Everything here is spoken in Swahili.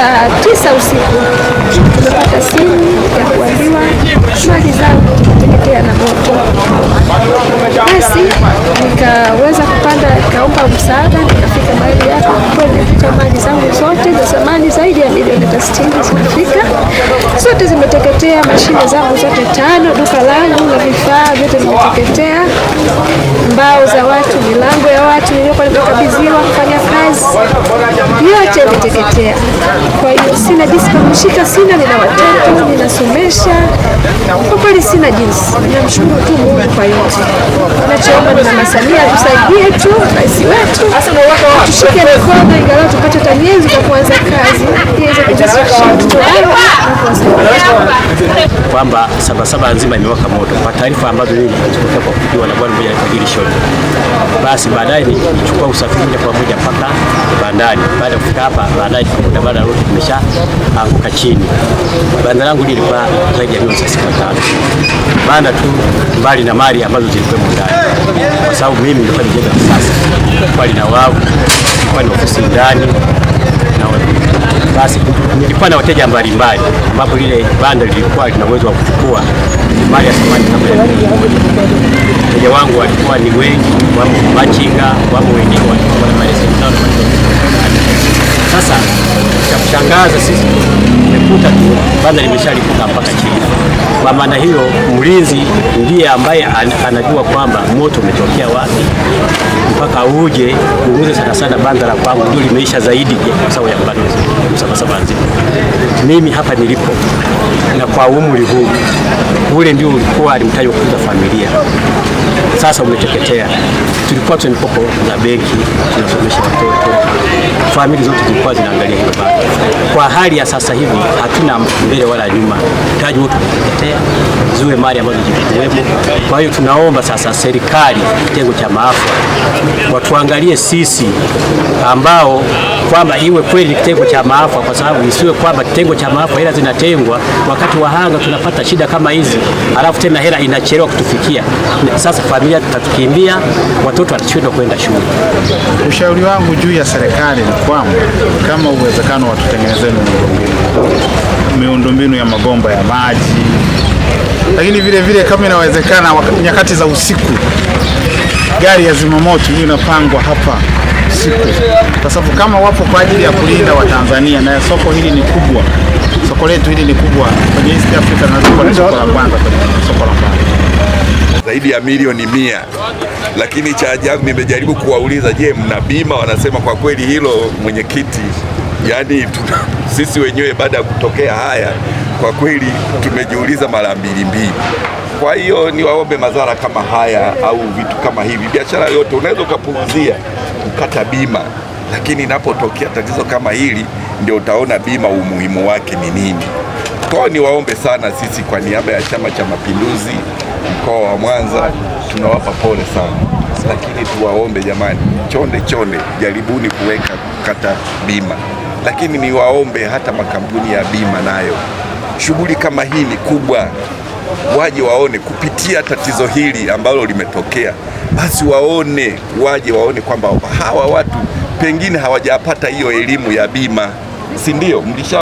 saa tisa usiku tumepata simu ya kuambiwa mali zangu zinateketea na moto. Basi nikaweza kupanda, nikaomba msaada, nikafika mahali hapo, kweli nikuta mali zangu zote za zamani zaidi ya milioni hata sitini zimefika zote zimeteketea, mashine zangu zote tano, duka langu na vifaa vyote vimeteketea, mbao za watu, milango ya watu niliyokuwa nimekabidhia yote yameteketea. Kwa hiyo sina jinsi kumshika, sina nina watoto ninasomesha, kwa kweli sina jinsi. Namshukuru tu Mungu kwa yote. Nachoomba ni Mama Samia tusaidie tu, rais wetu tushike mikono, ingawa tupate hata miezi kwa kuanza kazi kwamba Sabasaba nzima imewaka moto, kwa taarifa ambazo mimi kwa kujua na bwana mmoja alikuwa Gilishoni basi baadaye nichukua usafiri moja kwa moja mpaka bandari. Baada ya kufika hapa, baadaye tukakuta bada lote imesha anguka chini. Banda langu lilikuwa zaidi ya milioni thelathini na tano banda tu, mbali na mali ambazo zilikuwa ndani, kwa sababu mimi nilikuwa nijenga kisasa, ilikuwa na wavu, ilikuwa ni ofisi ndani basi nilikuwa na wateja mbalimbali, ambapo lile banda lilikuwa lina uwezo wa kuchukua mali ya samani kama wateja wangu walikuwa ni wengi, wamo machinga, wamo wengine walikuwa na mali sasa cha kushangaza sisi tumekuta tu banda limeshalipuka mpaka chini. Kwa maana hiyo, mlinzi ndiye ambaye anajua kwamba moto umetokea wapi mpaka uje uguze. Sana sana banda la kwangu ndio limeisha zaidi kwa sababu ya balozi Msamasabanzi, mimi hapa nilipo na kwa umri huu, ule ndio ulikuwa wa kuuza familia, sasa umeteketea. Tulikuwa tuna mikopo za benki, tunasomesha watoto, familia zote zilikuwa zinaangalia hilo. Kwa hali ya sasa hivi, hatuna mbele wala nyuma, taji wote umeteketea, ziwe mali ambazo zilikuwepo. Kwa hiyo tunaomba sasa serikali, kitengo cha maafa watuangalie sisi ambao kwamba iwe kweli kitengo cha maafa, kwa sababu isiwe kwamba kitengo cha maafa hela zinatengwa wakati wahanga tunapata shida kama hizi, alafu tena hela inachelewa kutufikia. Sasa familia tutatukimbia, watoto watashindwa kwenda shule. Ushauri wangu juu ya serikali ni kwamba kama uwezekano, watutengenezeni miundombinu, miundombinu ya mabomba ya maji, lakini vile vile kama inawezekana, nyakati za usiku gari ya zimamoto hiyo inapangwa hapa siku, kwa sababu kama wapo kwa ajili ya kulinda Watanzania na soko hili ni kubwa, soko letu hili ni kubwa kwenye East Africa na soko la kwanza soko la kwanza zaidi ya milioni mia. Lakini cha ajabu nimejaribu kuwauliza, je, mna bima? Wanasema kwa kweli hilo mwenyekiti, yani tuna, sisi wenyewe baada ya kutokea haya kwa kweli tumejiuliza mara mbili mbili. Kwa hiyo ni waombe madhara kama haya au vitu kama hivi. Biashara yote unaweza ukapuuzia kukata bima, lakini inapotokea tatizo kama hili ndio utaona bima umuhimu wake ni nini. Kwa ni waombe sana, sisi kwa niaba ya Chama cha Mapinduzi mkoa wa Mwanza tunawapa pole sana lakini tuwaombe jamani, chonde chonde, jaribuni kuweka kukata bima. Lakini niwaombe hata makampuni ya bima nayo, shughuli kama hii ni kubwa waje waone kupitia tatizo hili ambalo limetokea, basi waone, waje waone kwamba hawa watu pengine hawajapata hiyo elimu ya bima, si ndio? mlisha